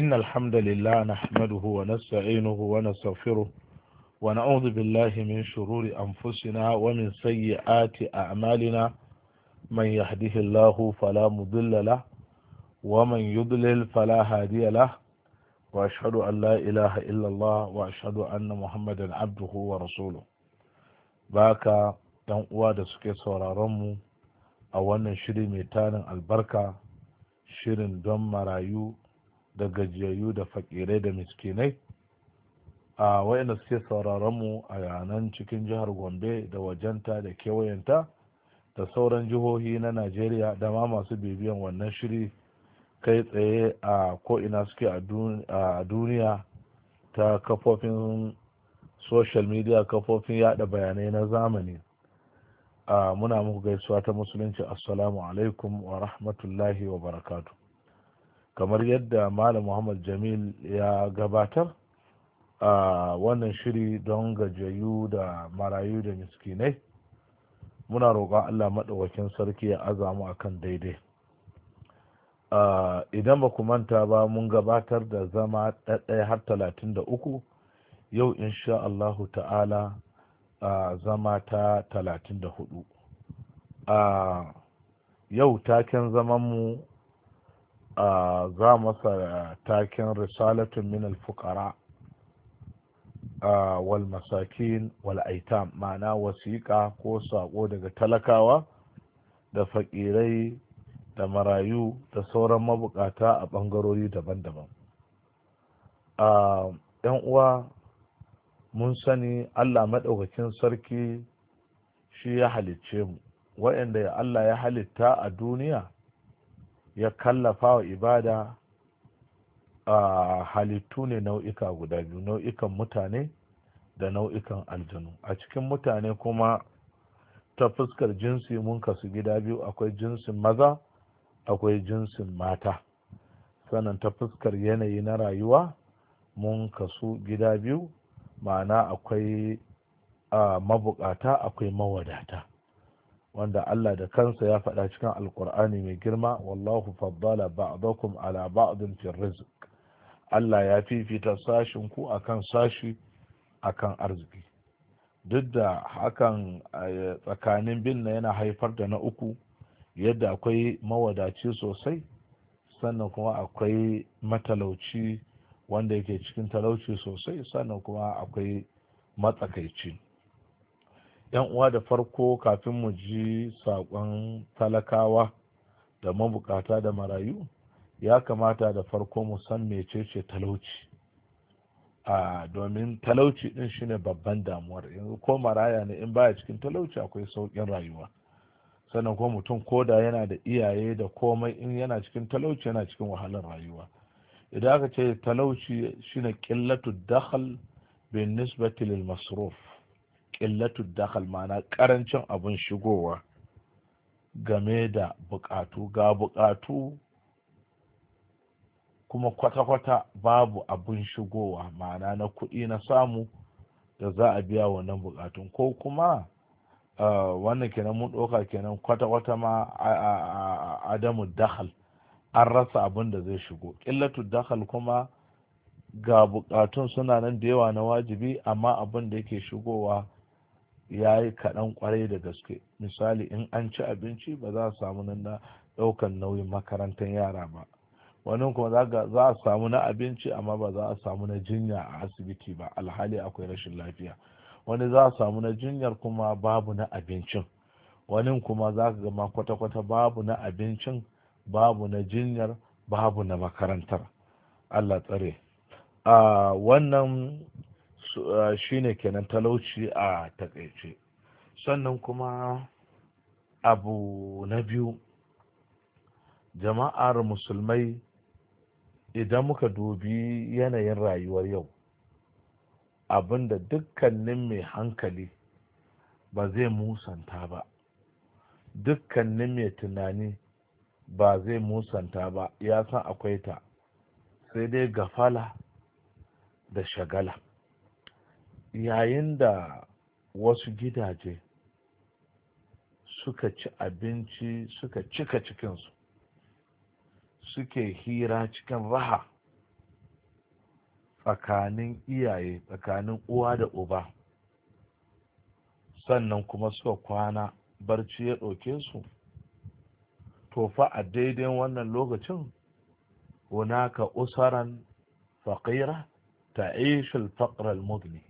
إن الحمد لله نحمده ونستعينه ونستغفره ونعوذ بالله من شرور أنفسنا ومن سيئات أعمالنا من يهده الله فلا مضل له ومن يضلل فلا هادي له وأشهد أن لا إله إلا الله وأشهد أن محمدا عبده ورسوله باكا uwa da suke sauraronmu a wannan shiri mai tarin albarka shirin don marayu da gajiyayyu da fakirai da miskinai a wayanda suke sauraron mu a yanan cikin jihar gombe da wajenta da kewayenta da sauran jihohi na najeriya da ma masu bibiyan wannan shiri kai tsaye a ko'ina suke a duniya ta kafofin social media kafofin yada bayanai na zamani muna muku gaisuwa ta musulunci assalamu alaikum wa rahmatullahi wa barakatu kamar yadda malam muhammad jamil ya gabatar a wannan shiri don gajayu da marayu da miskinai muna roƙon allah maɗaukakin sarki ya azamu kan daidai idan ba ku manta ba mun gabatar da zama ɗaya-ɗaya har talatin da uku yau insha allahu ta'ala zama ta talatin da hudu yau taken zamanmu za masa taken risalatun min alfukara wal masakin wal aitam ma'ana wasiƙa ko saƙo daga talakawa da faƙirai da marayu da sauran mabuƙata a ɓangarori daban-daban yan uwa mun sani allah maɗaukakin sarki shi ya halicce mu waɗanda allah ya halitta a duniya ya kallafa wa ibada a halittu ne nau'ika guda biyu nau'ikan mutane da nau'ikan aljanu a cikin mutane kuma ta fuskar jinsi mun kasu gida biyu akwai jinsin maza akwai jinsin mata sannan ta fuskar yanayi na rayuwa mun kasu gida biyu ma'ana akwai mabukata akwai mawadata wanda Allah da kansa ya faɗa cikin alkur'ani mai girma wallahu faddala ba'dakum ala ba'din fi rizq Allah ya fifita sashin ku akan sashi akan arziki duk da hakan eh, tsakanin bin na yana haifar da na uku yadda akwai mawadaci sosai sannan kuma akwai matalauci wanda yake cikin talauci sosai sannan kuma akwai matsakaici yan uwa da farko kafin mu ji saƙon talakawa da mabukata da marayu ya kamata da farko mu san mecece talauci a domin talauci din shine babban damuwar yanzu ko maraya ne in baya cikin talauci akwai sauƙin rayuwa sannan ko mutum koda yana da iyaye da komai in yana cikin talauci yana cikin wahalar rayuwa idan aka ce talauci shine ƙillatu dahal bin nisbati lil masruf ƙillatu dakhal mana ƙarancin abin shigowa game da buƙatu ga buƙatu kuma kwata-kwata babu abin shigowa mana na kuɗi na samu da za a biya wannan buƙatun ko kuma wannan kenan mun ɗauka kenan kwata-kwata ma adamu dakal an rasa abin da zai shigo ƙillatu dakal kuma ga buƙatun suna nan da yawa na wajibi amma abin da yake shigowa ya yi kaɗan kwarai da gaske misali in an ci abinci ba za a samu nan na ɗaukan nauyin makarantar yara ba wani kuma za a samu na abinci amma ba za a samu na jinya a asibiti ba alhali akwai rashin lafiya wani za a samu na jinyar kuma babu na abincin wani kuma za ka gama kwata-kwata babu na abincin babu na jinyar babu na makarantar allah tsare a ah, wannan shine kenan talauci a takaice sannan kuma abu na biyu jama'ar musulmai idan muka dubi yanayin rayuwar yau abinda dukkanin mai hankali ba zai musanta ba dukkanin mai tunani ba zai musanta ba ya san akwai ta sai dai gafala da shagala yayin da wasu gidaje suka ci abinci suka cika cikinsu suke hira cikin raha tsakanin iyaye tsakanin uwa da uba sannan kuma suka kwana barci ya ɗauke su tofa a daidai wannan lokacin hunaka usaran faƙira ta ishil faƙirar mugni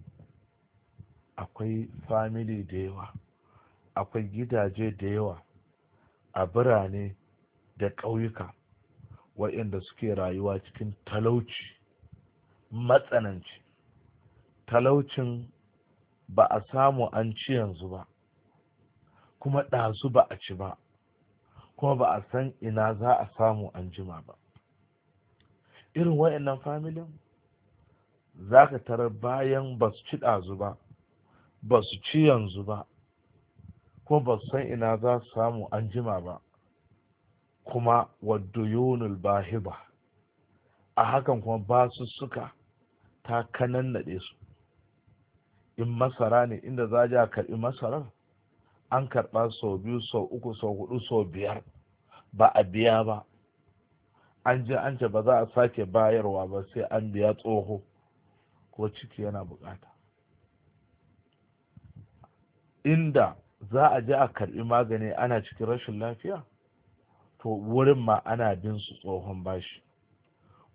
akwai famili da yawa akwai gidaje da yawa a birane da ƙauyuka waɗanda suke rayuwa cikin talauci matsananci talaucin ba a samu an ci yanzu ba kuma ɗazu ba a ci ba kuma ba a san ina za a samu an jima ba irin waɗannan familin za ka tarar bayan ba su ci ɗazu ba ba su ci yanzu ba ko ba su san ina za su samu an jima ba kuma bahi ba. a hakan kuma suka ta kanannaɗe su in masara ne inda za a karɓi masarar an karɓa sau biyu sau uku sau hudu sau biyar ba a biya ba an ji an ce ba za a sake bayarwa ba sai an biya tsoho ko ciki yana bukata inda za a je a karɓi magani ana cikin rashin lafiya to wurin ma ana bin su tsohon bashi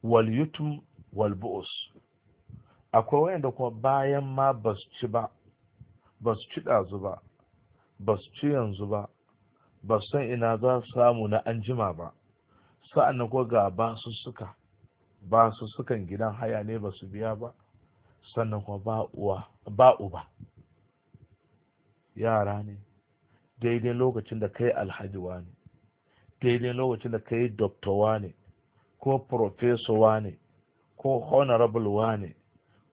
wal yutum wal bu'us akwai wayanda kuma bayan ma ba su ci ba ba ci ɗazu ba ba su ci yanzu ba ba san ina za su samu na anjima ba sa'annan ko ga ba su suka ba su sukan gidan haya ne ba su biya ba sannan kuma ba uwa ba uba yara ne daidai lokacin da kai alhajiwa ne daidai lokacin da kai doktowa ne ko profesowa ne ko honorable wa ne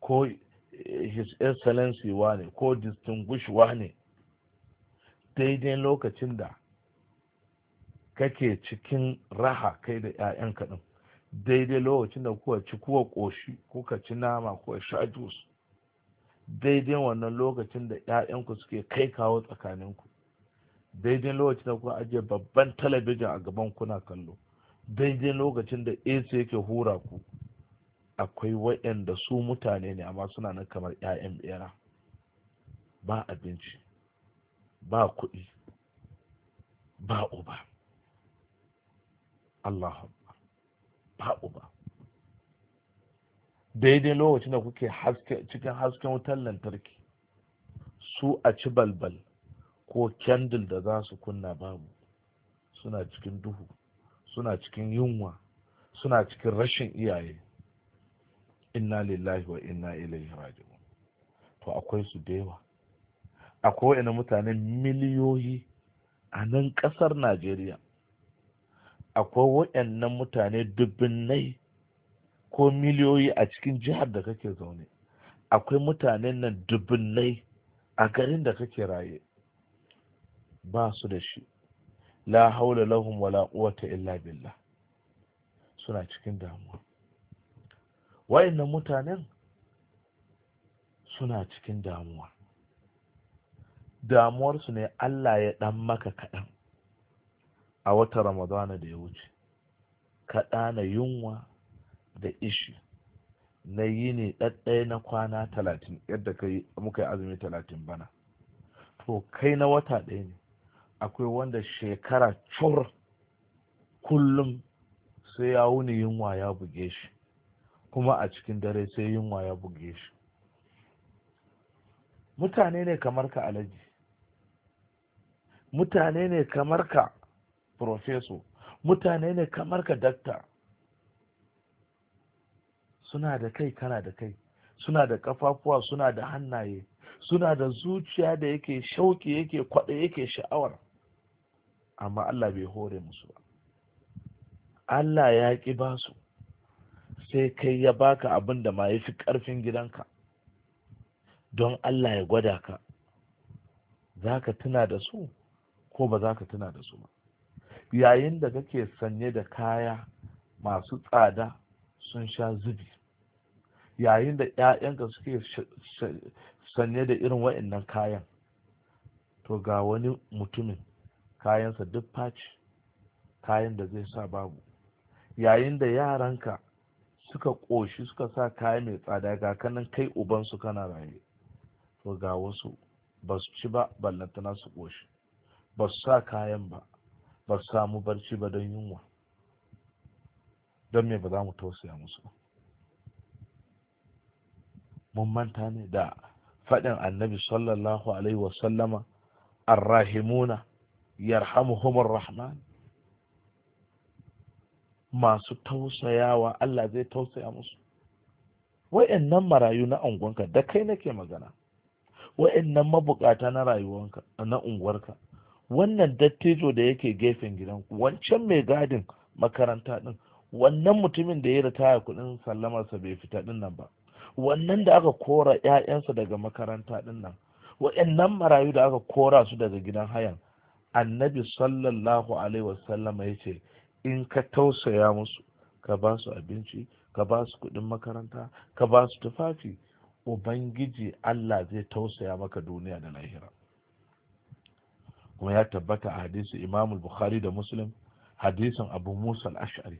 ko his excellency wa ne ko distinguished wa ne daidai lokacin da kake cikin raha kai da yayan kaɗan daidai lokacin da kuka ci kuka ƙoshi kuka ci nama kuka sha juice daidai wannan lokacin da 'ya'yanku suke kai kawo tsakaninku daidai lokacin da kuka ajiye babban talabijin a gaban kuna kallo daidai lokacin da ac yake hura ku akwai waɗanda su mutane ne amma suna nan kamar 'ya'yan bera ba abinci ba kuɗi ba uba Allah ba uba daidai lokacin da kuke cikin hasken wutar lantarki su a ci balbal ko kyandil da za su kunna babu suna cikin duhu suna cikin yunwa suna cikin rashin iyaye inna lillahi wa inna ilaihi raji'un to akwai su dewa akwai wani mutane miliyoyi a nan kasar najeriya akwai wa'annan mutane dubbinai ko miliyoyi a cikin jihar da kake zaune akwai mutanen nan dubunnai a garin da kake raye ba su da shi la haula lahum wala quwwata illa billah suna cikin damuwa wayannan mutanen suna cikin damuwa damuwarsu ne Allah ya dan maka kaɗan a wata ramadana da ya wuce kaɗana yunwa da ishi na yi ne ɗaɗɗaya na kwana talatin yadda muka yi azumi talatin bana to kai na wata ɗaya ne akwai wanda shekara cur kullum sai ya wuni yunwa ya buge shi kuma a cikin dare sai yunwa ya buge shi mutane ne kamar ka alaji mutane ne kamar ka profeso mutane ne kamar ka dakta suna da kai kana da kai suna da kafafuwa suna da hannaye suna da zuciya da yake shauki yake kwaɗa yake sha'awar amma Allah bai hore musu ba Allah ya ƙi ba su sai kai ya baka abin da ma ya fi ƙarfin gidanka don Allah ya gwada ka za ka tuna da su ko ba za ka tuna da su ba yayin da kake sanye da kaya masu tsada sun sha zubi yayin da 'ya'yanka suke sanye da irin wa'annan kayan to ga wani mutumin kayansa duk faci kayan da zai sa babu yayin da yaranka suka ƙoshi suka sa kaya mai tsada ga kanan kai ubansu kana raye to ga wasu ba su ci ba ballantana su ƙoshi ba su sa kayan ba ba su samu barci ba don yunwa don me ba za mu tausaya musu ba mun manta ne da faɗin annabi sallallahu alaihi wasallama arrahimuna yarhamuhumur rahman masu tausayawa Allah zai tausaya musu wa'annan marayu na unguwanka da kai nake magana wa'annan mabukata na rayuwanka na unguwarka wannan dattijo da yake gefen gidanku wancan mai gadin makaranta din wannan mutumin da ya ritaya kudin sallamarsa bai fita din nan ba wannan da aka kora 'ya'yansa daga makaranta din nan waɗannan marayu da aka kora su daga gidan hayan annabi sallallahu alaihi wasallam ya ce in ka tausaya musu ka ba su abinci ka ba su kuɗin makaranta ka ba su tufafi ubangiji allah zai tausaya maka duniya da lahira kuma ya tabbata a hadisi imamul bukhari da muslim hadisin abu musa al-ash'ari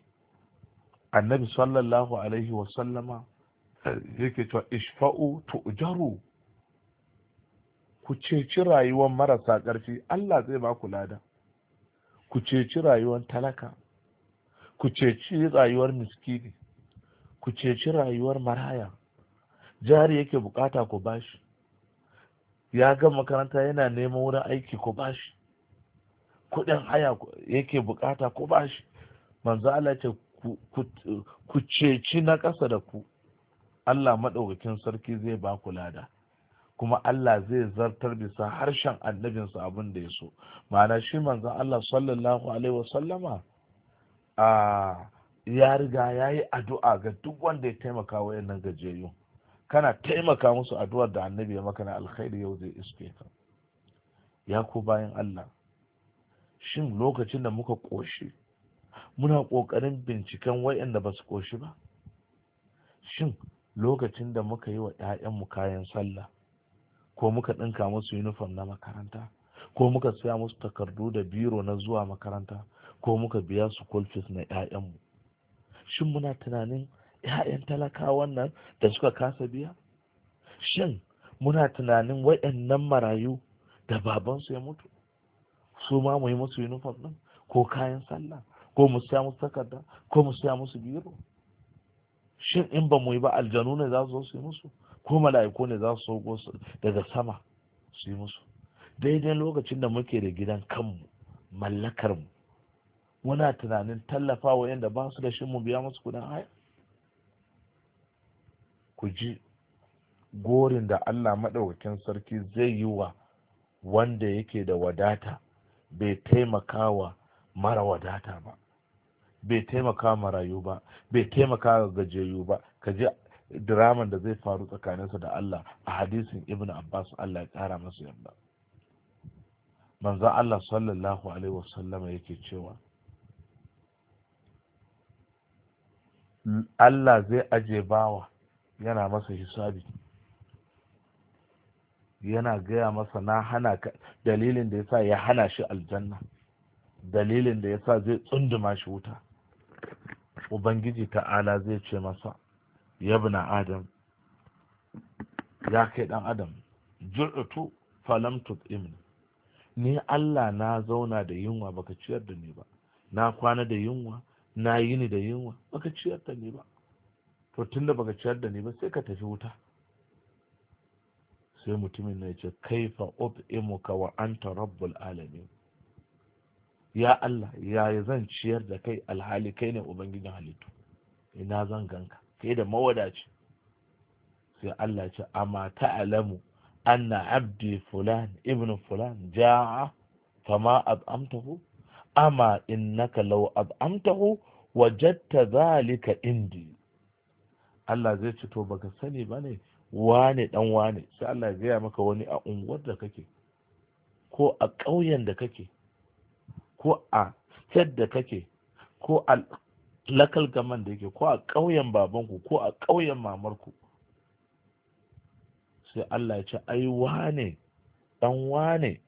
annabi sallallahu alaihi wasallama yake cewa ishfa'u tu'jaru ku ceci rayuwar marasa ƙarfi Allah zai ba ku lada ku ceci rayuwar talaka ku ceci rayuwar miskini ku ceci rayuwar maraya jari yake bukata ku bashi ya ga makaranta yana neman wurin aiki ku bashi kudin haya yake bukata ku bashi manzo Allah ce ku ceci na ƙasa da ku Allah maɗaukakin sarki zai ba ku lada kuma Allah zai zartar bisa harshen annabinsa abin da ya so ma'ana shi manzon Allah sallallahu alaihi wasallama a ya riga ya yi addu'a ga duk wanda ya taimaka wa yannan gajiyayyu kana taimaka musu addu'ar da annabi ya maka na alkhairi yau zai iske ka ya ku bayan Allah shin lokacin da muka ƙoshi muna ƙoƙarin binciken wayanda ba su ƙoshi ba shin lokacin da muka yi wa 'ya'yanmu kayan sallah ko muka ɗinka musu yunifom na makaranta ko muka siya musu takardu da biro na zuwa makaranta ko muka biya su kulfis na 'ya'yanmu shin muna tunanin 'ya'yan talakawan nan da suka kasa biya shin muna tunanin waɗannan marayu da babansu ya mutu su ma mu yi musu yunifom ɗin ko kayan sallah ko mu siya musu takarda ko mu siya musu biro shin in ba mu yi ba aljanu ne za su zo yi musu ko mala'iku ne za su sauko daga sama su yi musu daidai lokacin da muke da gidan kanmu mallakar mu muna tunanin tallafa wa yadda ba su da shi mu biya musu kudin haya ku ji gorin da Allah maɗaukakin sarki zai yi wa wanda yake da wadata bai taimakawa mara wadata ba bai taimaka marayu ba bai taimaka gajiyayyu ba ka je diraman da zai faru tsakaninsa da Allah a hadisin Ibn Abbas Allah ya kara masa yarda manzo Allah sallallahu alaihi wasallama yake cewa Allah zai aje bawa yana masa hisabi yana gaya masa na hana ka dalilin da yasa ya hana shi aljanna dalilin da yasa zai tsunduma shi wuta ubangiji ta'ala zai ce masa yabna adam ya kai dan adam jir'utu falam tut'imni ni Allah na zauna da yunwa baka ciyar da ni ba na kwana da yunwa na ni da yunwa baka ciyar da ni ba to tunda baka ciyar da ni ba sai ka tafi wuta sai mutumin ya ce kaifa ut'imuka wa anta rabbul alamin ya Allah ya zan ciyar da kai alhali kai ne ubangijin halittu ina zan ganka kai da mawadaci sai Allah ce amma alamu anna abdi fulan ibn fulan ja'a fama ab'amtahu amma innaka law ab'amtahu wajadta zalika indi Allah zai ce to baka sani bane wane dan wane sai Allah ya gaya maka wani a unguwar da kake ko a ƙauyen da kake ko a state da kake ko a lakal gaman da yake ko a ƙauyen babanku ko a ƙauyen mamarku sai Allah ya ce ai wane dan wane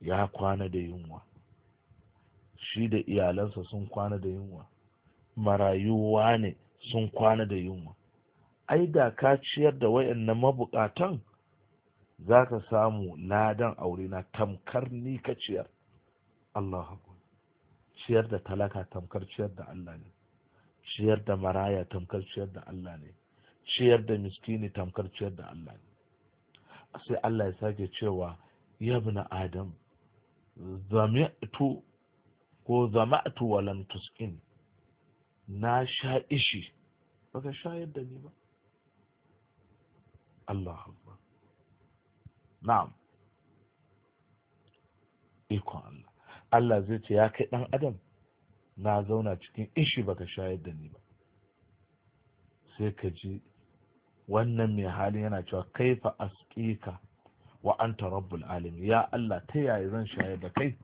ya kwana da yunwa shi da iyalansa sun kwana da yunwa marayu wane sun kwana da yunwa ai da ka ciyar da wayannan mabukatan za ka samu ladan aure na tamkar ni ka ciyar Allah ciyar da talaka tamkar ciyar da Allah ne ciyar da maraya tamkar ciyar da Allah ne ciyar da miskini tamkar ciyar da Allah ne sai Allah ya sake cewa ya na adam zama'atu ko zama'atu walam tuskin na sha ishi baka shayar da ni ba Allah na'am ikon Allah Allah zai ce ya kai ɗan adam na zauna cikin ishi baka shayar da ni ba sai ka ji wannan mai hali yana cewa kaifa asqika wa anta rabbul alim ya Allah ta yaya zan shayar da kai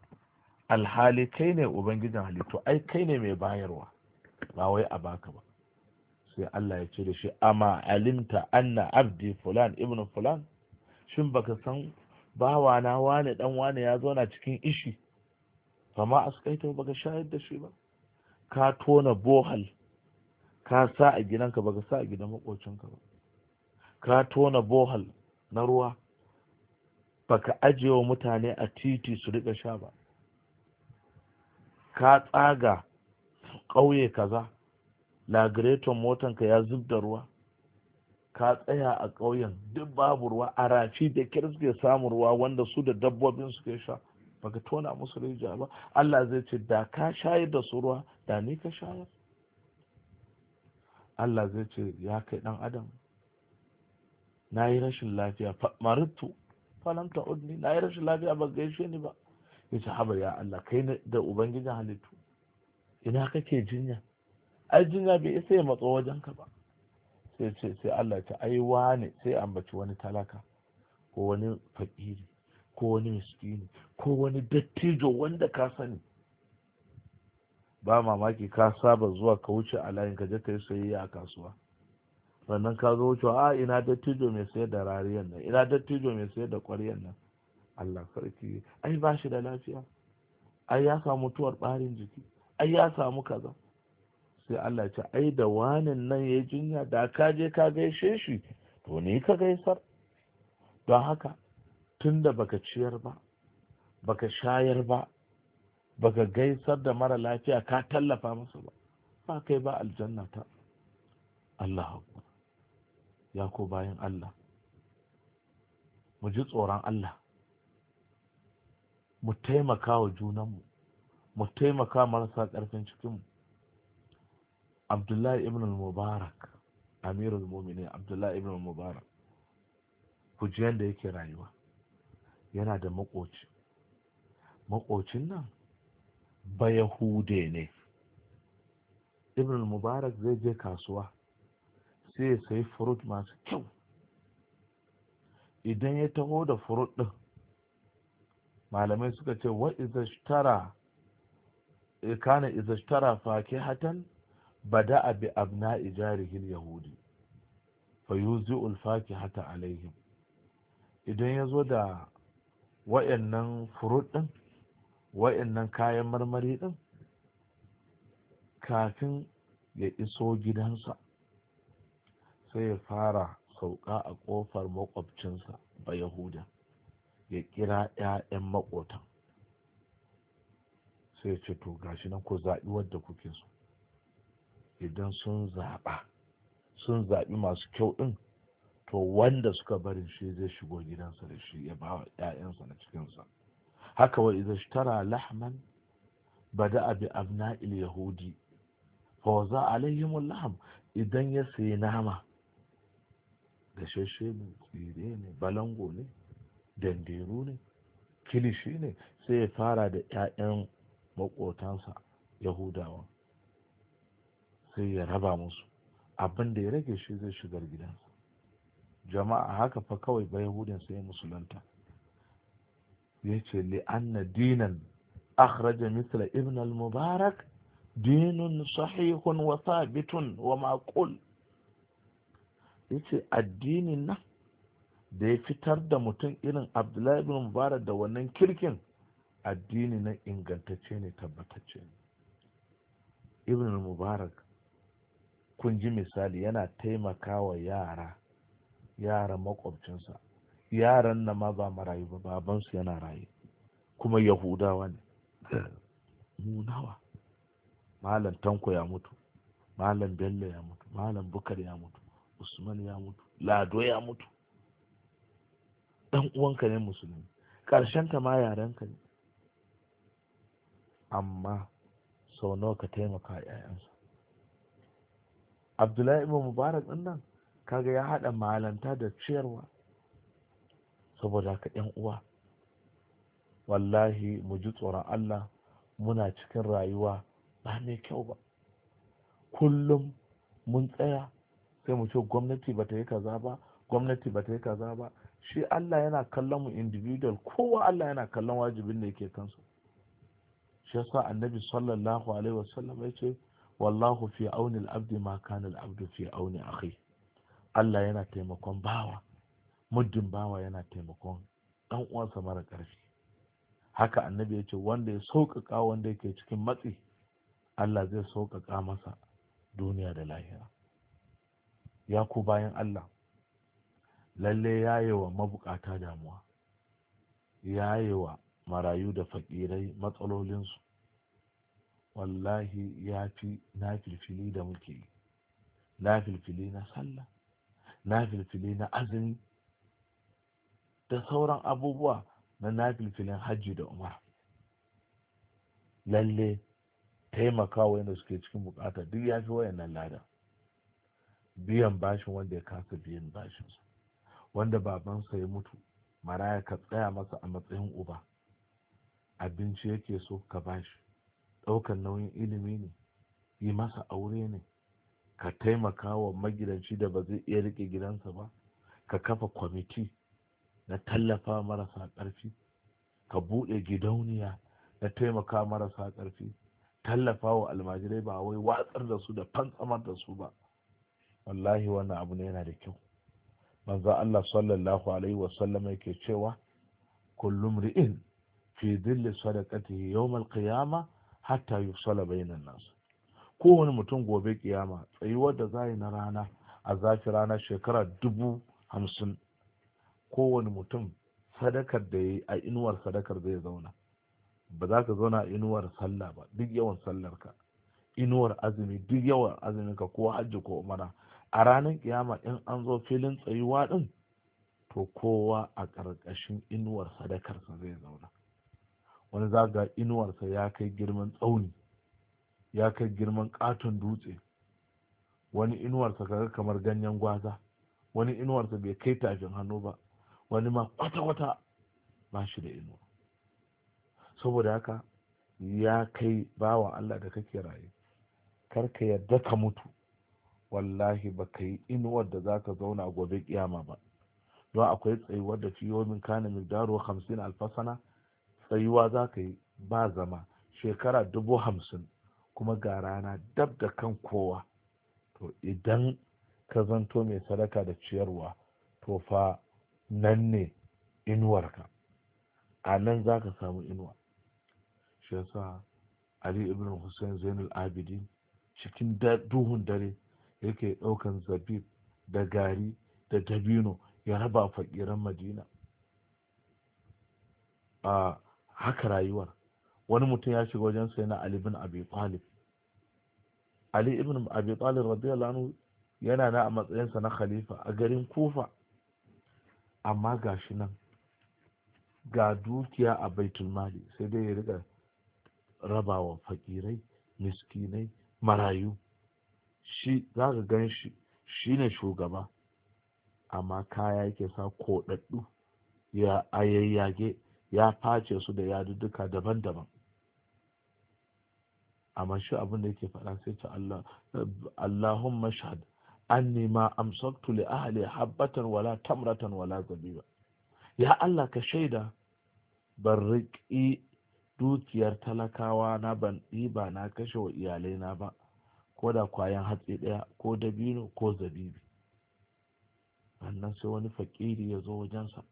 alhali kai ne ubangijin halittu ai kai ne mai bayarwa ba wai a baka ba sai Allah ya ce da shi amma alimta anna abdi fulan Ibnu, fulan shin baka san bawana wane dan wane ya zauna cikin ishi yi askaita baka shayar da shi ba ka tona bohal ka sa a gidanka baka sa a gidan makocinka ba ka tona bohal na ruwa baka ajiye wa mutane a titi su riƙa sha ba ka tsaga ƙauye kaza lagireton motanka ya zub da ruwa ka tsaya a ƙauyen duk babu ruwa a rafi da kyar ke samun ruwa wanda su da dabbobin su ke sha baka tona musu rijiya ba Allah zai ce da ka shayar da su ruwa da ni ka shayar Allah zai ce ya kai dan adam na yi rashin lafiya marittu falam ta udni na yi rashin lafiya ba gaishe ni ba ya ce haba ya Allah kai da ubangijin halittu ina kake jinya ai jinya bai isa ya wajen ka ba sai ce sai Allah ta ai wane sai ambaci wani talaka ko wani fakiri ko wani miskini ko wani dattijo wanda ka sani ba mamaki ka saba zuwa ka wuce a layin ka je ka yi sayayya a kasuwa sannan ka zo wucewa a ah, ina dattijo mai sayar da rariyan nan ina dattijo mai sayar da ƙwaryan nan Allah sarki ai ba shi da lafiya ai ya samu mutuwar ɓarin jiki ai ya samu kaza sai Allah ce ai da wanin nan ya jinya da ka je ka gaishe shi to ni ka gaisar don haka tunda baka ciyar ba baka shayar ba baka gaisar da mara lafiya ka tallafa masa ba ba kai ba aljanna ta Allah ya ko bayan Allah mu ji tsoron Allah mu taimaka wa junanmu mu taimaka marasa ƙarfin cikinmu abdullahi ibn mubarak amirul mumini abdullahi ibn mubarak ku ji yadda yake rayuwa yana da makoci makocin nan ba yahude ne ibn mubarak zai je kasuwa sai ya sayi furut masu kyau idan ya taho da furut ɗin malamai suka ce wa izashtara kana izashtara fake hatan bada abi abna ijarihil yahudi fa ulfaki ulfaki hata alaihim idan ya zo da wa'annan furut ɗin wa'annan kayan marmari ɗin kafin ya iso gidansa sai ya fara sauka a ƙofar makwabcinsa ba yahuda ya kira 'ya'yan maƙotan sai ya ce to gashi nan ku zaɓi wadda kuke so idan sun zaɓa sun zaɓi masu kyau ɗin to wanda suka barin shi zai shigo gidansa da shi ya ba wa ‘ya'yansa na cikinsa haka wa idan tara lahman bada abi abna il yahudi fa waza alayhimul laham idan ya sayi nama shashe ne tsire ne balango ne danderu ne kilishi ne sai ya fara da 'ya'yan maƙotansa yahudawa sai ya raba musu abin da ya rage shi zai shigar gidansa jama'a haka fa kawai ba yahudin sai musulunta ya ce li anna dinan akhraja mithla ibn al-mubarak dinun sahihun wa sabitun wa maqul ya ce addinin nan da ya fitar da mutum irin abdullahi ibn mubarak da wannan kirkin addini nan ingantacce ne tabbatacce ne ibn mubarak kun ji misali yana taimakawa yara yaran makwabcinsa yaran na ma ba marayu ba babansu yana rayu. kuma yahudawa ne munawa malam tanko ya mutu malam bello ya mutu malam bukar ya mutu usman ya mutu lado ya mutu dan uwanka ne musulmi karshen ta ma yarenka ne amma sau nawa ka taimaka 'ya'yansa abdullahi ibn mubarak din nan kaga ya haɗa malanta da ciyarwa saboda haka yan uwa wallahi mu ji tsoron Allah muna cikin rayuwa ba mai kyau ba kullum mun tsaya sai mu ce gwamnati ba ta yi kaza ba gwamnati ba ta yi kaza ba shi Allah yana kallon mu individual kowa Allah yana kallon wajibin da yake kansu shi yasa annabi sallallahu alaihi wasallam ya ce wallahu fi auni al-abdi ma kana al-abdu fi auni akhi Allah yana taimakon bawa muddin bawa yana taimakon ɗan uwansa mara ƙarfi haka annabi ya ce wanda ya sauƙaƙa wanda yake cikin matsi Allah zai sauƙaƙa masa duniya da lahira ya ku bayan Allah lalle ya wa mabuƙata damuwa ya wa marayu da faɗirai matsalolinsu wallahi ya fi na filfili da muke yi na filfili na sallah nafilfili na azumi da sauran abubuwa na nafilfilin hajji da umar lalle taimakawa yadda suke cikin bukata duk ya fi wayannan lada. biyan bashin wanda ya kasa biyan su. wanda babansa ya mutu maraya ka tsaya masa a matsayin uba abinci yake so ka bashi ɗaukar nauyin ilimi ne yi masa aure ne ka taimaka wa magidanci da ba zai iya rike gidansa ba ka kafa kwamiti na tallafa marasa ƙarfi ka buɗe gidauniya na taimaka marasa ƙarfi tallafa wa almajirai ba wai watsar da su da fantsamar da su ba wallahi wannan abu ne yana da kyau manzo Allah sallallahu alaihi wa sallam yake cewa kullum ri'in fi dhilli sadaqatihi yawm al-qiyamah hatta yusala bainan nas kowane mutum gobe kiyama tsayuwar da za yi na rana a zafi rana shekara dubu hamsin kowane mutum sadakar da ya yi a inuwar sadakar zai zauna ba za ka zauna a inuwar sallah ba duk yawan sallarka inuwar azumi duk yawan ka ko hajji ko umara a ranar kiyama in an zo filin tsayuwa din to kowa a ƙarƙashin inuwar sadakarsa zai zauna wani za ga inuwarsa ya kai girman tsauni ya kai girman katon dutse wani inuwarsa kaga kamar ganyen gwaza wani inuwarsa bai kai tafin hannu ba wani ma kwata-kwata ba shi da inuwa saboda haka ya kai bawan allah da kake raye kar ka yarda ka mutu wallahi ba ka yi inuwar da za ka zauna gobe kiyama ba don akwai tsayuwar da fiyomin kana migdaro hamsin alfasana tsayuwa za ka yi ba zama shekara dubu hamsin kuma ga rana dab da kan kowa to idan ka zanto mai sadaka da ciyarwa to fa nan ne inuwarka a nan za ka samu inuwa shi yasa ali ibn hussein zainul abidin cikin duhun dare yake ɗaukan zabib da gari da dabino ya raba fakiran madina a haka rayuwar wani mutum ya shiga wajen sai na Ali bin Abi Talib Ali ibn Abi Talib radiyallahu anhu yana na a matsayinsa na khalifa a garin Kufa amma gashi nan ga dukiya a baitul mali sai dai ya riga rabawa fakirai miskinai marayu shi za gan shi shine shugaba amma kaya yake sa koɗaɗɗu ya ayayyage ya face su da yadudduka daban-daban amma shi abin da yake faɗa sai ta Allah Allahumma shahad anni ma amsaktu li ahli habbatan wala tamratan wala zabiba ya Allah ka shaida ban riƙi dukiyar talakawa na ban ba na kashe wa iyalai na ba ko da kwayan hatsi ɗaya ko dabino ko zabibi annan sai wani fakiri ya zo wajensa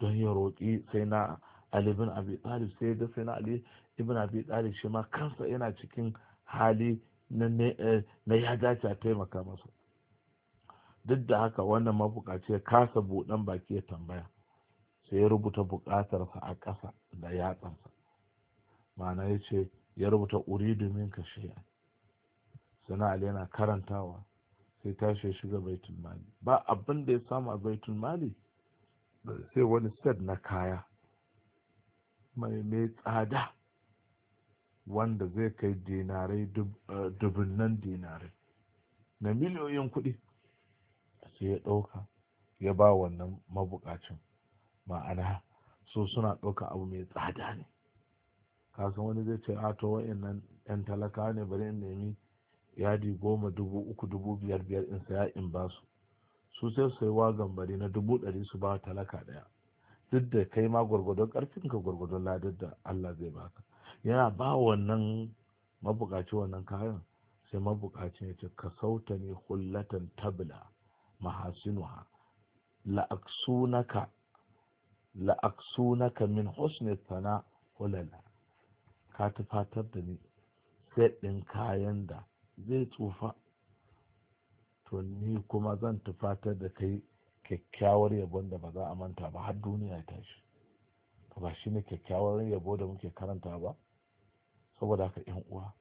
don ya roƙi sai na Ali bin Abi Talib sai da sai na Ali ibn Abi Talib shi ma kansa yana cikin hali eh, na ya dace a taimaka masa duk da haka wannan mabukaci ya kasa buɗan baki ya tambaya sai ya rubuta buƙatarsa a ƙasa da yatsansa ma'ana ya ce ya rubuta uridu minka shay'an sana ali yana karantawa sai tashi ya shiga baitul mali ba abin da ya samu a baitul mali sai wani set na kaya mai mai tsada wanda zai kai dinarai eh, dubunnan dinarai na miliyoyin kuɗi sai ya ɗauka ya ba wannan mabukacin ma'ana so suna ɗauka abu mai tsada ne kasan wani zai ce a ah, to wa'annan yan talaka ne bari in nemi yadi goma dubu uku dubu biyar biyar in saya in ba su su sai sai wa gambari na dubu ɗari su ba talaka ɗaya duk da kai ma gwargwadon ka gwargwadon ladar da Allah zai baka yana ba wannan mabukaci wannan kayan sai mabukaci ya ce ka sauta ne hullatan tabla mahasinuha na la'aksunaka min husni sana hulala ka tufatar da ni sai ɗin kayan da zai tsufa to ni kuma zan tufatar da kai kyakkyawar yabo da ba za a manta ba har duniya ya tashi ba shi ne kyakkyawar yabo da muke karanta ba saboda haka yan uwa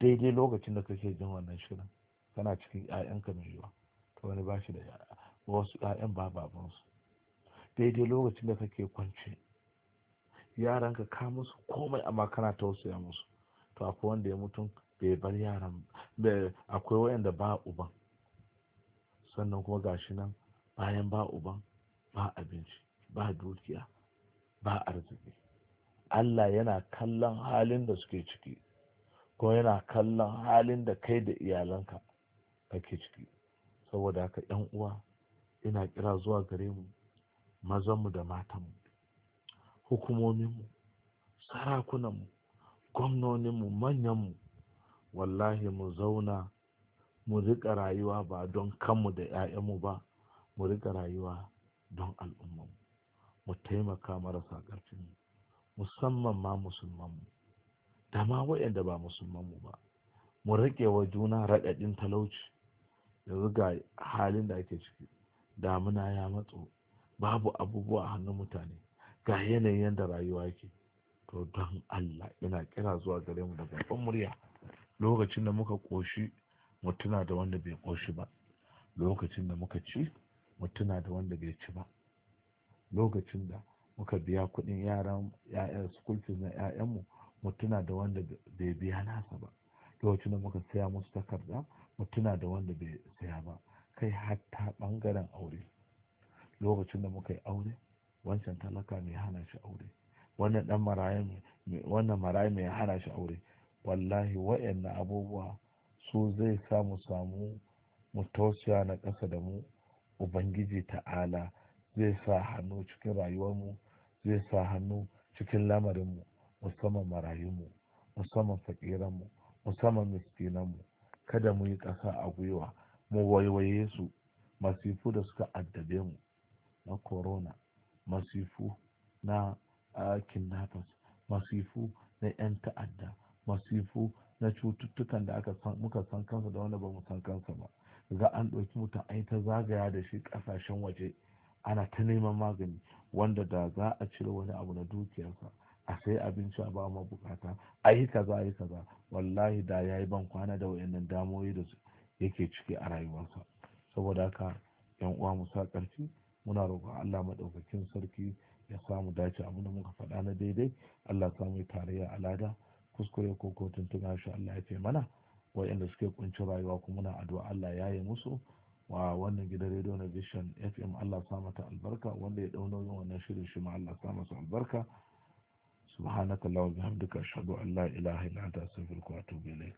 daidai lokacin da kake jin wannan shirin kana cikin 'ya'yanka mai yiwa to wani ba shi da wasu 'ya'yan ba babansu daidai lokacin da kake kwance yaranka ka musu komai amma kana tausaya musu to akwai wanda ya mutu bai bar yaran akwai wayanda ba uban sannan kuma gashi nan bayan ba uban ba abinci ba dukiya ba arziki Allah yana kallon halin da suke ciki ko yana kallon halin da kai da iyalanka kake ciki saboda haka yan uwa ina kira zuwa gare mu mazanmu da matanmu hukumominmu mu, manyan mu. wallahi mu zauna mu riƙa rayuwa ba don kanmu da 'ya'yanmu ba mu riƙa rayuwa don al'umman mu taimaka marasa ƙarfin musamman ma musulmanmu da ma waɗanda ba musulmanmu ba mu riƙe wa juna raɗaɗin talauci yanzu ga halin da ake ciki damuna ya matso babu abubuwa a hannun mutane ga yanayin yadda rayuwa yake to don Allah ina kira zuwa gare mu da babban murya lokacin da muka ƙoshi mu tuna da wanda bai ƙoshi ba lokacin da muka ci mu tuna da wanda bai ci ba lokacin da muka biya kuɗin yaran ya'yan school fees na yayan mu tuna da wanda bai biya nasa ba lokacin da muka saya musu takarda mu tuna da wanda bai saya ba kai hatta bangaren aure lokacin da muka yi aure wancan talaka mai hana shi aure wannan dan maraya wannan maraya mai hana shi aure wallahi wa'annan abubuwa su zai sa mu samu mu na ƙasa da mu ubangiji ta'ala zai sa hannu cikin rayuwarmu zai sa hannu cikin lamarinmu musamman marayunmu musamman fakiranmu musamman miskinanmu kada mu yi ƙasa a gwiwa mu waiwaye su masifu da suka addabe mu na corona masifu na ah, kidnappers masifu na 'yan ta'adda masifu na cututtukan da muka san kansa da wanda ba mu san kansa ba ga an ɗauki mutum an ta zagaya da shi ƙasashen waje ana ta neman magani wanda da za a cire wani abu na dukiyarsa a sai abinci a ba ma bukata a yi kaza yi kaza wallahi da ya yi ban kwana da wayannan damoyi da yake ciki a rayuwarsa saboda haka yan uwa mu sa ƙarfi muna roƙon Allah maɗaukakin sarki ya samu dace abu da muka faɗa na daidai Allah samu tarayya alada kuskure ko kotun tuna shi Allah ya ce mana waɗanda suke kunci rayuwa kuma na addu'a Allah ya yi musu wa wannan gidan radio na vision fm Allah sa mata albarka wanda ya ɗau nauyin wannan shirin shi ma Allah sa masa albarka subhanaka allahumma bihamdika ashhadu an la ilaha illa anta astaghfiruka wa atubu ilayk